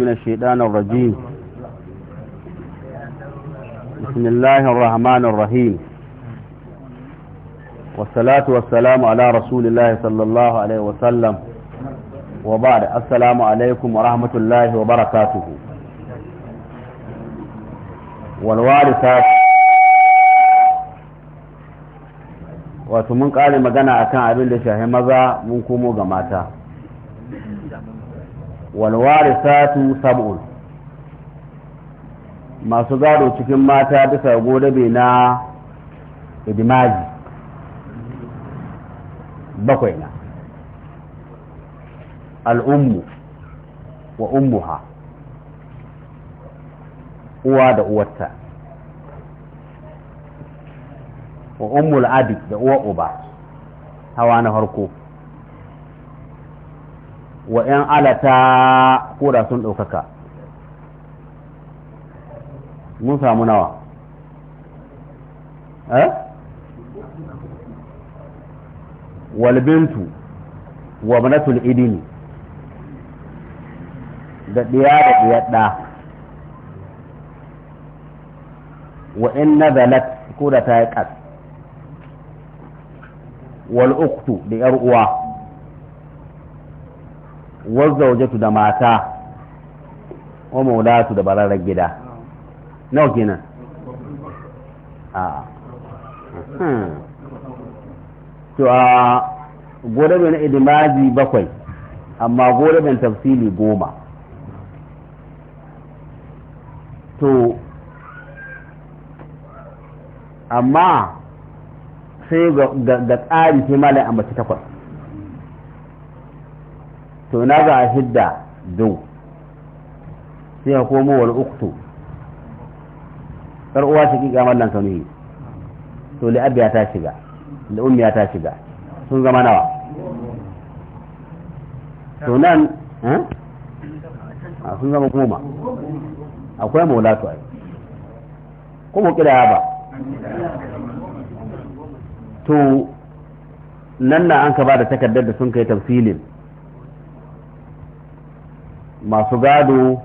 من الشيطان الرجيم بسم الله الرحمن الرحيم والصلاة والسلام على رسول الله صلى الله عليه وسلم وبعد السلام عليكم ورحمة الله وبركاته والوارثات wato mun kare magana akan abin da shahi maza mun komo ga mata walwarisatu sab'un masu gado cikin mata bisa godabe na idimaji bakwai na al'ummu wa ummuha uwa da uwarta wa ummul abi da uwa uba hawa na farko wa ‘yan alata da sun ɗaukaka mun samu nawa eh walbintu wa manatul idini da ɗiya da ɗiyar ɗa wa in nazalat da ta yi ƙas wal uktu da ‘yar uwa’ wazaujatu da mata wa maulatu da bararar gida nawa kenan a to a na idimaji bakwai amma gorebin tafsili goma to amma sai ga tsari sai malai ambaci takwas to na za a hidda do sai ya komo wal uktu kar uwa shi kika mallan kanuhi to li abiya ta shiga da ummi ta shiga sun zama nawa to nan eh? a sun zama goma akwai maulatu ai mu kira ba to nan na an ka ba da takardar da sun kai tafsilin masu gado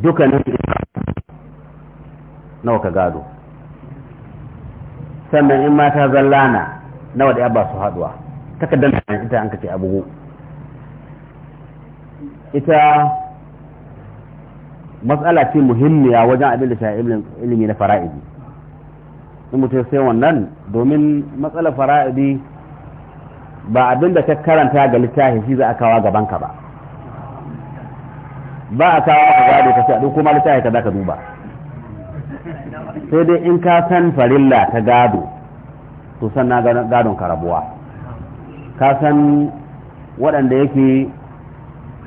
dukkanin nawa ka gado sannan in mata zallana nawa da ya ba su haduwa takardar da ita an kace abu ita matsala ce muhimmiya wajen abin da shafi ilimi na fara'idi in mutum sai wannan domin matsalar fara'idi ba abin da ka karanta ga littafi shi za a kawo gabanka ba ba a kawo maka gado ka sai a ɗauko ma littafi ka ka duba sai dai in ka san farilla ta gado to sannan gadon karabuwa ka san waɗanda yake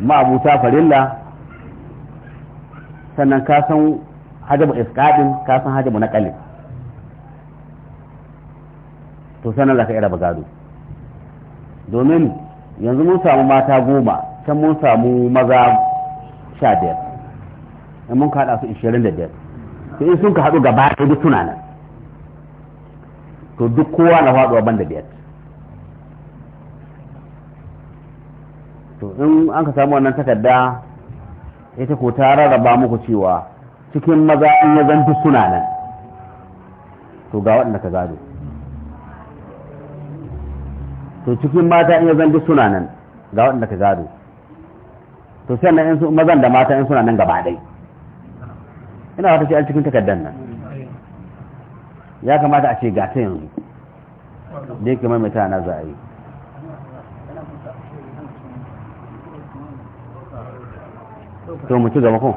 ma'abuta farilla sannan ka san hajjabu iskaɗin ka san hajjabu na ƙalin to sannan za ka iya gado domin yanzu mun samu mata goma can mun samu maza sha biyar mun kaɗa su ishirin sai sun ka haɗu gaba suna nan to duk kowa na faɗuwa ban da biyar to in an ka samu wannan takarda ita ko ta rarraba muku cewa cikin maza in ya zan duk suna nan to ga waɗanda ka gado to cikin mata in ya zan suna nan ga waɗanda ka gado to sannan in su mazan da mata in suna nan gaba dai ina wata ce an cikin takaddan nan ya kamata a ce ga ta yanzu da yake mai mutane na zai to mu ci gaba ko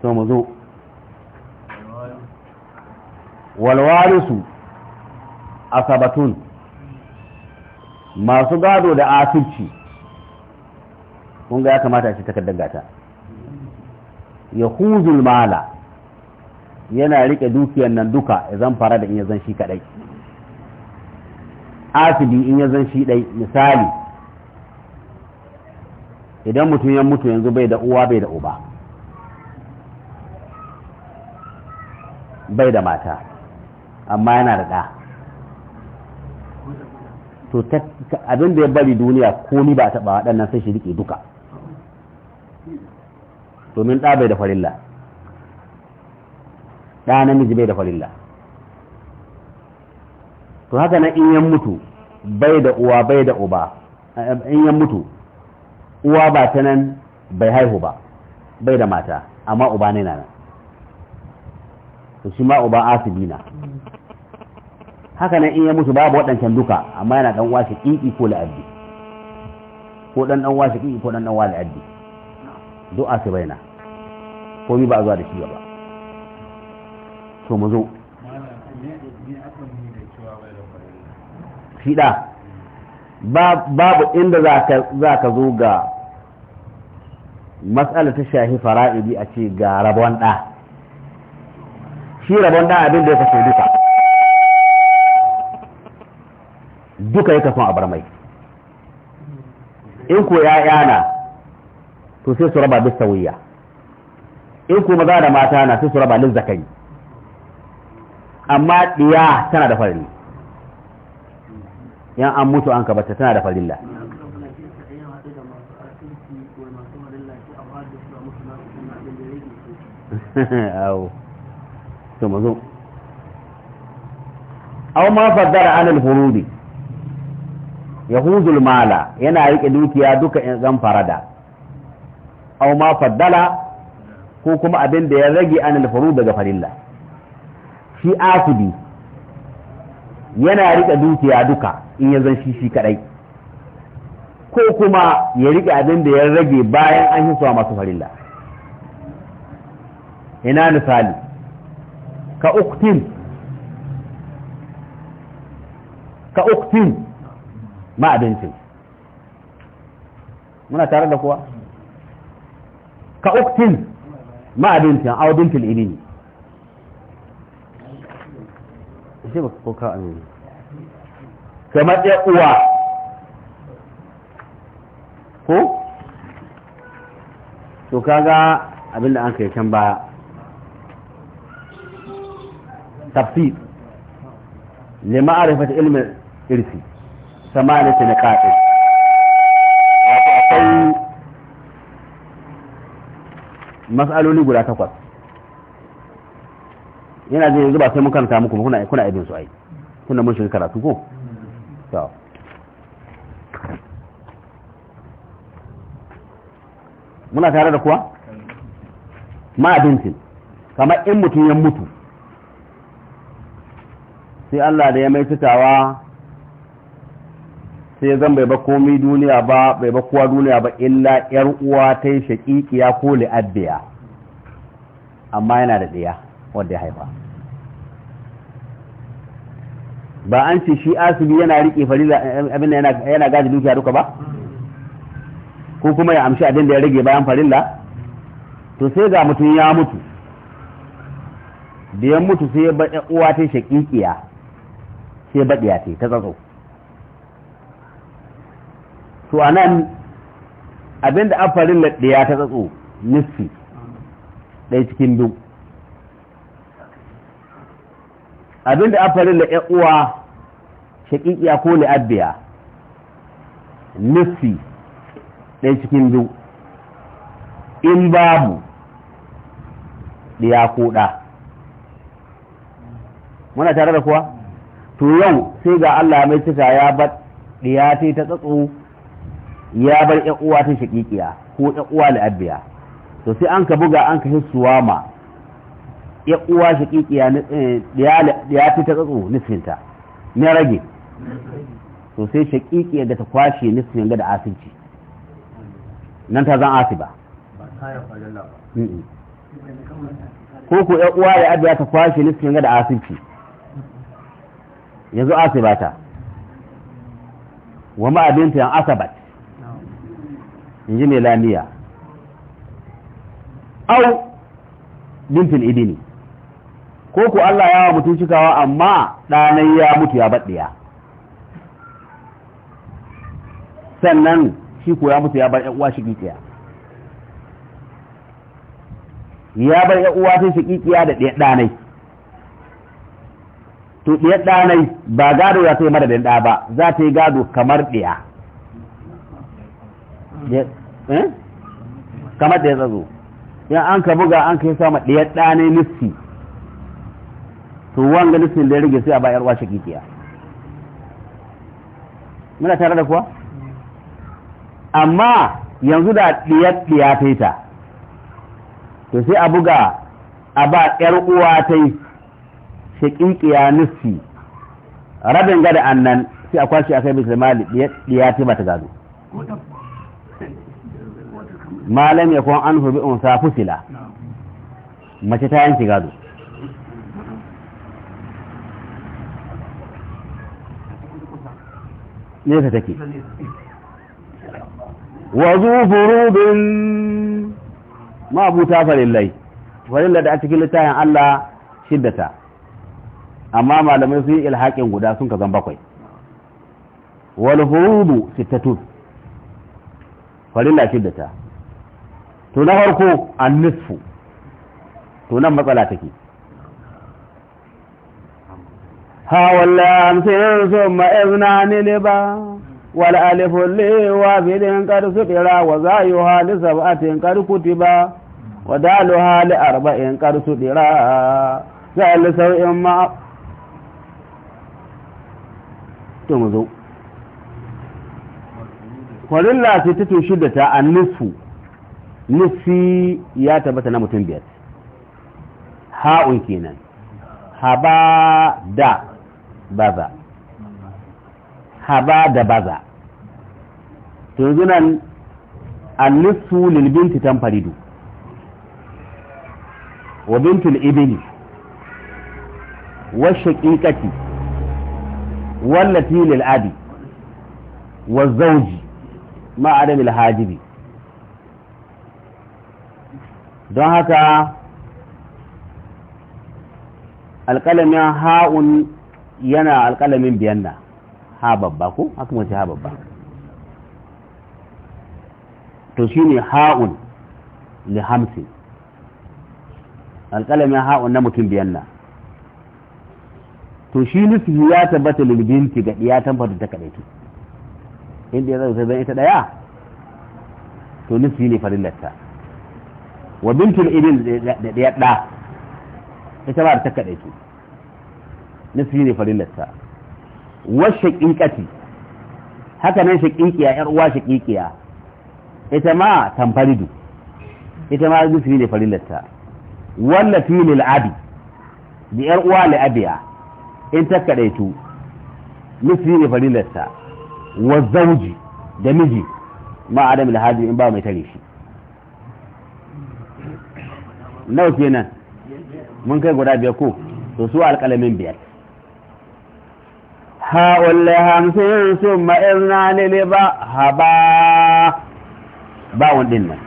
to mu zo walwarisu asabatun masu gado da asirci kun ya kamata shi takardar gata ya huzul mala yana riƙe dukiyar nan duka ya zan fara da in ya zan shi kadai asibi in zan shi dai misali idan mutum ya mutu yanzu bai da uwa bai da uba bai da mata amma yana da ɗa to abin da ya bari duniya komi ba a taɓa waɗannan sai shi riƙe duka domin ɗa bai da farilla ɗa namiji bai da farilla to haka nan in yan mutu bai da uwa bai da uba eh, in yan mutu uwa ba ta nan bai haihu ba bai da mata amma uba ne na nan to shi ma uba asibi na haka nan in ya mutu babu waɗancan duka amma yana dan washe ƙiƙi ko la'addi ko dan dan washe ƙiƙi ko dan dan wasu la'addi du'a sai baina ko ba zuwa da shi ba to mu zo shida babu inda za ka zo ga matsala ta shahi fara'idi a ce ga rabon ɗa shi rabon ɗa abin da ya kashe duka duka yake son a bar mai in ko ya yana to sai su raba bis wuya in ko maza da mata na sai su raba lin zakai amma diya tana da farin yan an mutu an kabata tana da farilla awo to mazo aw ma faddara alal furudi huzul mala yana rike dukiya duka in zan farada aw ma faddala ko kuma abin da ya rage anil furu daga farilla shi asibi yana rike dukiya duka in ya zan shi shi kadai ko kuma ya rike abin da ya rage bayan an hisuwa masu farilla ina misali ka uktin ka uktin ma abincin muna tare da kuwa ka uktin ma abincin a bintul ilimi sai ba ko kawo amini kamar ɗaya uwa ko to kaga abinda an kai can baya tafsir لمعرفة ilmin irfi samanati na kafin wato akwai mas'aloli guda takwas yana zai yanzu ba sai mun karanta muku kuna kuna aibin su ai kuna mun shiga karatu ko to muna tare da kuwa ma abincin kamar in mutum ya mutu sai Allah da ya mai cikawa sai zan bai ba komai duniya ba bai ba kowa duniya ba illa yar uwa ta yi shaƙiƙiya ko li'addiya amma yana da ɗaya wanda ya haifa ba an ce shi asibi yana riƙe farila abin yana gaji dukiya duka ba ko kuma ya amshi abin da ya rage bayan farilla to sai ga mutum ya mutu da ya mutu sai ya ba uwa ta shaƙiƙiya sai baɗiya ta ta tsatso to a nan abinda an laɗe ɗaya ta tsatso nufi ɗaya cikin biyu abinda an fari laɗe uwa shaƙiƙiya ko li'abbiya nufi ɗaya cikin biyu in babu ɗaya ko ɗa muna tare da kuwa to yau sai ga Allah mai cika ya bar ɗiya ta ta tsatso ya bar ƴan uwa ta shaƙiƙiya ko ƴan uwa la'abbiya to sai an ka buga an ka hissuwa ma ƴan uwa shaƙiƙiya eh, ya fi ta tsatsu nufinta na rage to sai shaƙiƙiya da ta kwashe nufin ga da asinci nan ta zan asiba ko ko ƴan uwa abiya ta kwashe nufin ga da asinci yanzu asiba ta wa ma'abinta yan asabat in ji ne lamiya au Bintin idini. ko ku Allah ya wa mutum cikawa amma ɗanai ya mutu ya baɗiya sannan shi ko ya mutu ya bar uwa shi ƙiƙiya. ya bar uwa ta shi ƙiƙiya da ɗaya ɗanai to ɗaya ɗanai ba gado ya sai mara da ɗa ba za ta yi gado kamar ɗaya Eh? kamar da ya zazo ya an ka buga an ka yi sama ɗaya ɗane nufi to wanga nufin da ya rage sai a washe kikiya muna tare da kuwa amma yanzu da ɗiyar ɗiya ta yi ta to sai a buga a ba ƴar uwa ta yi shakikiya nufi rabin gada annan sai a kwashe a kai bisa mali ɗiya ta ba ta gado malam ya kwan an hurbi unsa fusila mace ta yanki gado nesa take wazu furudin ma'abuta farillai farilla da a cikin littafin Allah shiddata amma malamai sun yi ilhaƙin guda sun ka zan bakwai wal hurubu sittatun farilla shiddata to na farko an nisfu to nan matsala take ha walla amsin summa izna ne ba wal alifu li wa bidin qad suqira wa zayuha li sab'atin qad kutiba wa daluha li arba'in za suqira zal sawin ma to mu zo kwalilla ce ta tushi da ta annisu nufi ya tabbata na mutum biyar ha'un kenan haba da baza haba da baza yanzu nan annisu lilbinti tamfaridu wa bintul ibni wa shaqiqati wallati lil abi wa zauji ma adami don haka alƙalamin ha'un yana alƙalamin biyan na ha babba ko haka mace ha babba to shi ne ha'un li hamsin alƙalamin ha'un na mutum biyan na to shi nufi ya tabbata lilbinti ga ɗiya tambata ta kaɗaitu inda ya zai zai ita ɗaya to nufi ne farillarta wa bintul ibil da ɗaya ɗa ita ba ta kaɗai ce nisfi ne farillarta wa shaƙiƙati haka nan shaƙiƙiya ‘yar uwa shaƙiƙiya ita ma tamfaridu ita ma nisfi ne farillarta wallafi lil abi da ‘yar uwa li in ta kaɗai tu nisfi ne farillarta wa zauji da miji ma adam lahadi in ba mai tare shi nawa kenan mun kai guda biyar ko to su alƙalamin biyar ha'ulle hamsin sun ma'irna lili ba haba bawon ɗin nan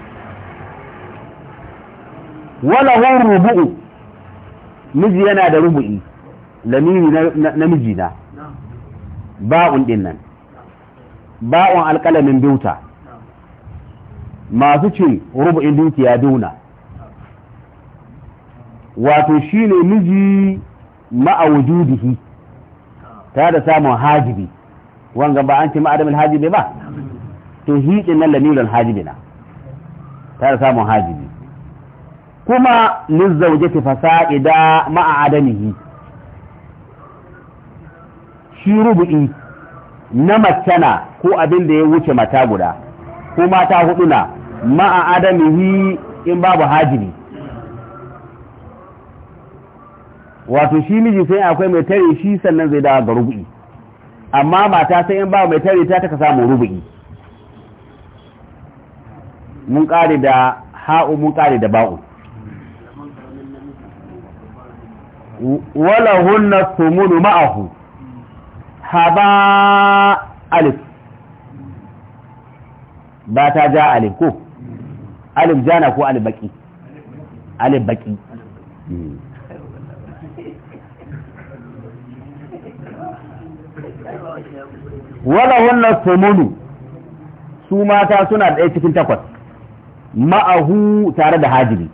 walahun rubu'u miji yana da rubu'i lamini na miji mijina ba'un ɗin nan ba'un alƙalamin biuta masu ce rubu'in dukiya duna wato shine miji ma'a wujudihi ta da samun hajibi wanga ba an ce ma'adamin hajibi ba to hiɗin nan lamilan hajibi na ta da samun hajibi kuma ta fasa'ida ma'a adamihi shi rubu'i na macana ko abin da ya wuce mata guda ko mata hudu na ma'a adamihi in babu hajibi wato shi miji sai akwai mai tare shi sannan zai dawo ga rubu'i amma mata sai in ba mai tare ta taka samu rubu'i mun kare da ha'u mun kare da ba'u wala hunna sumunu ma'ahu haba alif ba ta ja alif ko alif jana ko alif baki alif baki hmm. wala wannan sumunu su mata suna ɗaya cikin takwas ma'ahu tare da hajibi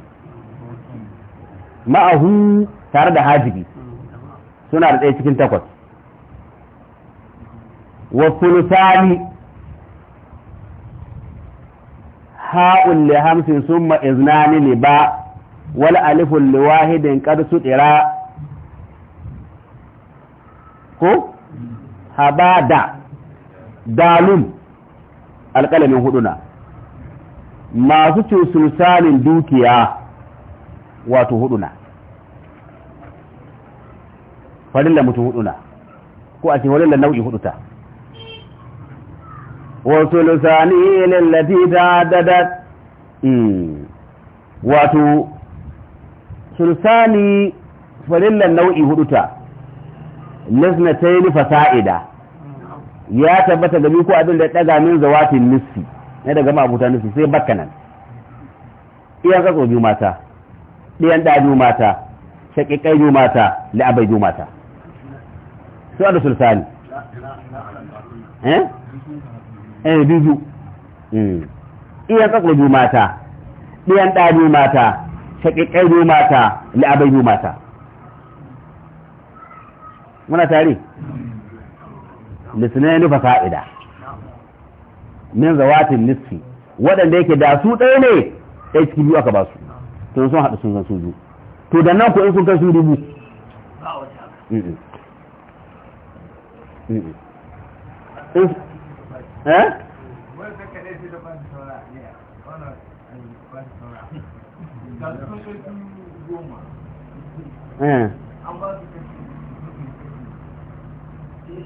ma'ahu tare da hajibi suna da ɗaya cikin takwas wasulutani ha'un li hamsin summa iznani li ba wal alifun li wahidin qad sutira ko habada dalum alƙalamin huduna masu cusulsanin dukiya wato huduna farilla mutu huduna ko a ce da nau'i huduta wato lusani lallati da dadat hmm, wato sulsani farilla nau'i huduta lisnatayn fasa'ida ya tabbata gabi ko abin da ya daga min zawatin nisfi ne daga mabuta nisfi sai bakkanan iyan ka tsoji mata ɗiyan da ju mata shaƙiƙai biyu mata la'abai ju mata su da sulsani eh eh mm iyan ka tsoji mata ɗiyan da biyu mata shaƙiƙai ju mata la'abai ju mata muna tare ya nufa fa'ida min zawatin nisfi waɗanda yake da su ɗaya ne ɗaya cikin biyu aka ba su to sun haɗu sun zan su to da nan ko in sun kai su dubu eh Yeah.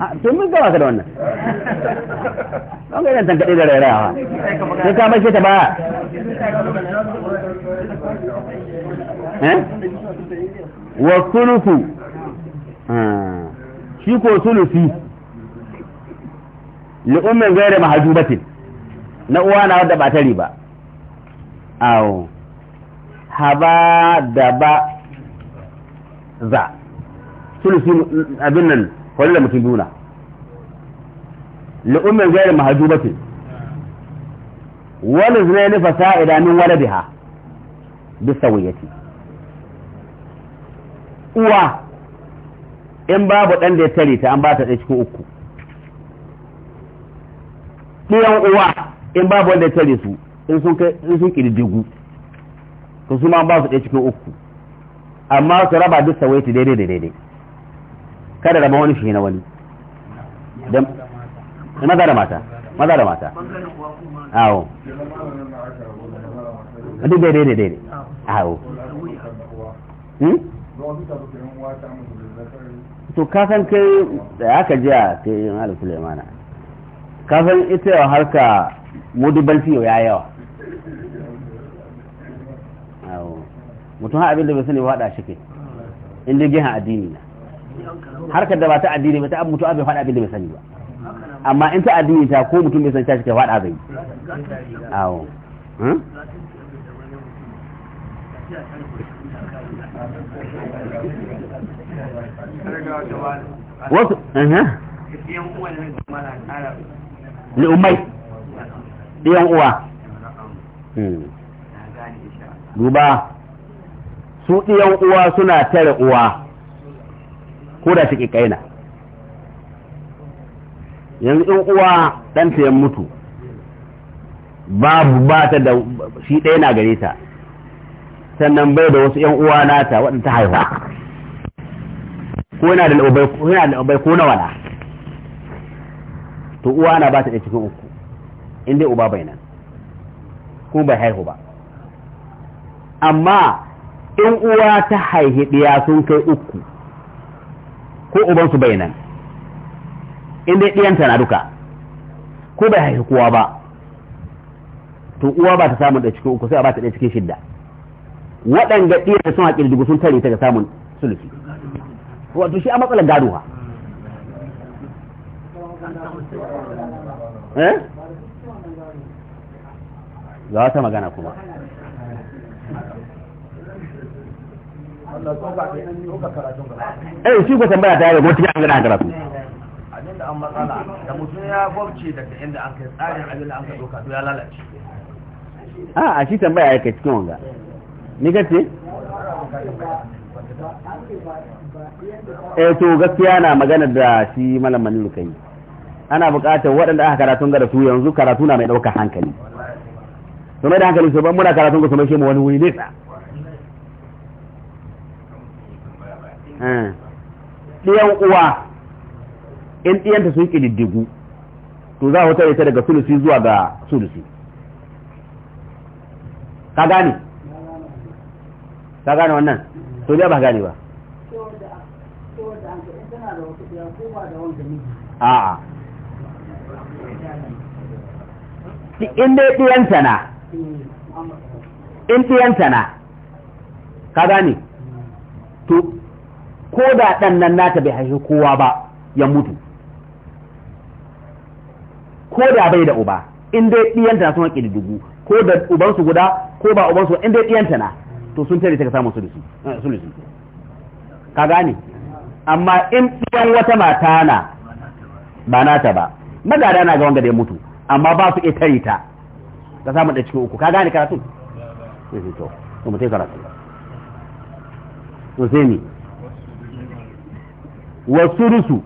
Ah, to mun gaba ka da wannan don ga irin tankaɗe da ba sai ka mace ta baya eh? wa sulufu ah, shi ko sulufi li'ummin gaira mahajubatin na uwa na wadda ba ta ba awo haba da ba za sulufi abin nan da mutum li'ummin zai li'ummin gairin mahajubatin wani zai nufa sa'ida min waladiha bisa wuyati uwa in babu ɗan da ya tare ta an ba ta ɗaya cikin uku ɗiyan uwa in babu wanda ya tare su in sun ƙididdigu to su ma ba su ɗaya cikin uku amma su raba duk sawaiti daidai da daidai kada rama wani shi na wani maza da mata maza da mata awo duk daidai ne daidai awo hmm? to kasan kai da aka ji a ta yin mana. sulemana kasan ita yawa harka mudubanci ya yawa mutum abin da bai sani wada shi ke inda gihan addini na harkar da ba ta addini ba ta mutu abin faɗa abin da bai sani ba amma in ta addini ta ko mutum bai san ta shi faɗa zai awo hmm? wasu li'ummai uh-huh. ɗiyan uwa hmm. duba su ɗiyan uwa suna tare uwa ko da take kaina yanzu in uwa ɗanta ya mutu babu ba ta da shi ɗaya na gare ta sannan bai da wasu 'yan uwa nata waɗanda ta haifa ko yana da al'ubai ko na wala to uwa na ba ta ɗaya cikin uku inda uba bai nan ko bai haihu ba amma in uwa ta haihi ɗaya sun kai uku ko ubansu bai nan in dai ɗiyanta na duka ko bai haihu kowa ba to uwa ba ta samun da cikin uku sai a ba ta ɗaya cikin shidda waɗanda ɗiyanta sun haƙi dubu sun tare ta ga samun sulusi wato shi a matsalar gado ha eh ga ta magana kuma eh shi ko tambaya ta gana karatu abinda an matsala da mutum ya daga inda tsarin abinda doka to ya lalace a shi tambaya ya kai cikin wanga ni gace. eh to gaskiya na magana da shi malamin lukai ana buƙatar waɗanda aka karatun ga su yanzu karatu na mai ɗaukar hankali su mai da hankali su ban muna karatun ga su mu wani wuri ne. ɗiyan uwa in ɗiyanta sun ƙididdigu to za a wutar ita daga sulusi zuwa ga sulusi ka gane ka gane wannan to ba ka gane ba a'a in dai ɗiyanta na in ɗiyanta na ka gane to ko da ɗan nan nata bai haifi kowa ba ya mutu ko da bai da uba in dai ɗiyanta na suna ƙididdigu ko da ubansu guda ko ba ubansu in dai ɗiyanta na to sun tare ta samun sulusu eh, ka gane amma in ɗiyan wata mata na ba nata ba magada na ga wanga da ya mutu amma ba su iya tare ta ka samu da cikin uku ka gane karatun to mutai karatu to sai ni wa surusu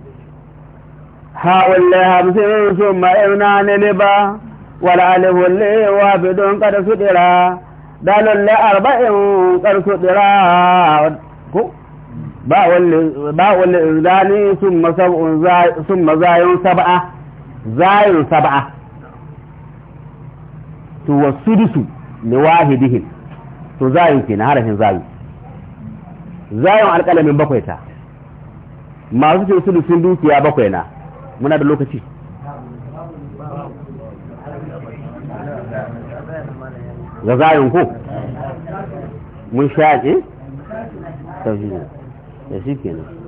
hawalle hamsin sun ma'auna ne liba wal'alihulle wa bidon kada su dira dalon le arba'in kar su dira ba wani izani sun mazayin saba'a zayin saba'a to wasu dusu wahidihin to zayin ke na harafin zayin zayin alƙalamin bakwai ta masu ce sulusun dukiya bakwai na muna da lokaci ga zayin ku mun shaƙe? Eh? tauhiyar da shi kenan